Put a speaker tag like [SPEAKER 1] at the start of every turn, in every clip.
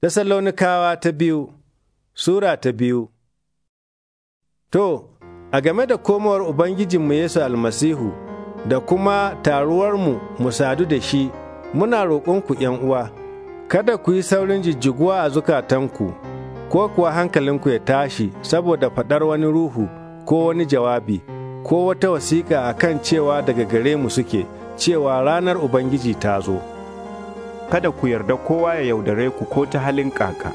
[SPEAKER 1] Tessalonikawa ta biyu Sura ta biyu To, a game da komowar Ubangijinmu Yesu almasihu da kuma taruwarmu mu sadu da shi, muna roƙonku uwa, kada ku yi saurin jijjiguwa a zukatanku, ko kuwa hankalinku ya tashi saboda faɗar wani ruhu ko wani jawabi, ko wata wasiƙa a kan cewa daga gare mu suke,
[SPEAKER 2] cewa ranar Ubangiji ta zo. kada ku yarda kowa ya yaudare ku ko ta halin kaka,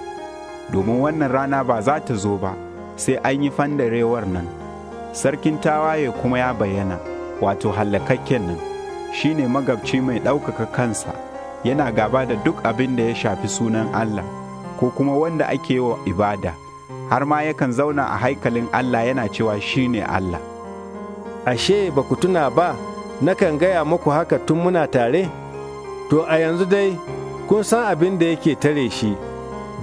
[SPEAKER 2] domin wannan rana ba za ta zo ba sai an yi fandarewar nan, sarkin tawaye kuma ya bayyana, wato hallakakken nan, shi ne magabci mai ɗaukaka kansa, yana gaba da duk abin da ya shafi sunan Allah, ko kuma wanda ake wa ibada, har ma yakan zauna a haikalin Allah yana cewa shi ne Allah. Ashe ba ku tuna ba, nakan gaya
[SPEAKER 1] muku haka tun muna tare? to a yanzu dai kun san abin da yake tare shi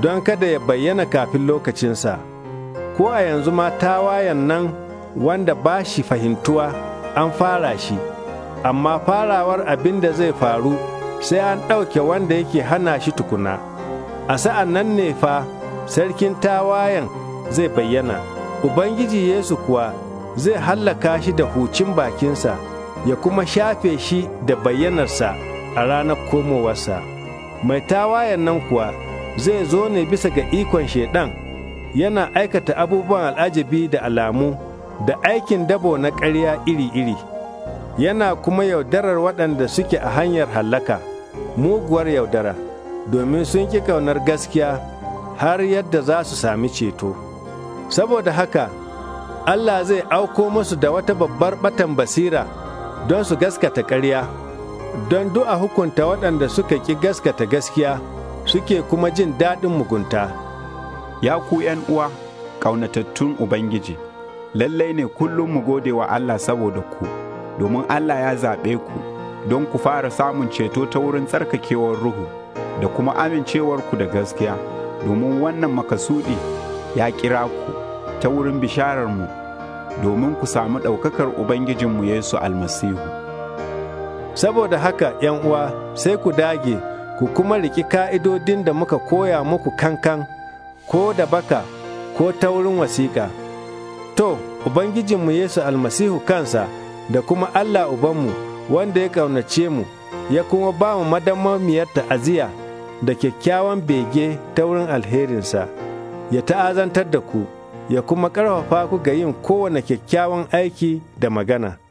[SPEAKER 1] don kada ya bayyana kafin lokacinsa ko a yanzu ma tawayan nan wanda ba shi fahimtuwa an fara shi amma farawar abin da zai faru sai an ɗauke wanda yake hana shi tukuna a sa'an nan ne fa sarkin tawayan zai bayyana ubangiji yesu kuwa zai hallaka shi da hucin bakinsa ya kuma shafe shi da bayyanarsa a ranar komowarsa mai tawayen nan kuwa zai zo ne bisa ga ikon shaiɗan yana aikata abubuwan al'ajabi da alamu da aikin dabo na ƙarya iri-iri yana kuma yaudarar waɗanda suke a hanyar hallaka muguwar yaudara domin sun ƙi ƙaunar gaskiya har yadda za su sami ceto saboda haka Allah zai auko musu da wata babbar batan basira don su gaskata ƙarya. don du'a hukunta waɗanda suka ƙi gaskata gaskiya suke
[SPEAKER 2] kuma jin daɗin mugunta. Ya ku ’yan uwa, ƙaunatattun Ubangiji, lallai ne kullum mu gode wa Allah saboda ku, domin Allah ya zaɓe ku don ku fara samun ceto ta wurin tsarkakewar ruhu da kuma amincewar ku da gaskiya, domin wannan makasudi ya kira ku ta wurin bishararmu domin ku samu ɗaukakar Ubangijinmu Yesu almasihu.
[SPEAKER 1] Saboda haka ‘yan uwa sai ku dage, ku kuma riki ka'idodin da muka koya muku kankan, ko da baka, ko ta wurin wasiƙa. To, Ubangijinmu Yesu almasihu kansa da kuma Allah Ubanmu wanda ya ƙaunace mu, ya kuma ba mu miyar ta'aziyya da kyakkyawan bege ta wurin alherinsa, ya ta'azantar da ku, ya kuma ƙarfafa ku ga yin kowane kyakkyawan aiki da magana.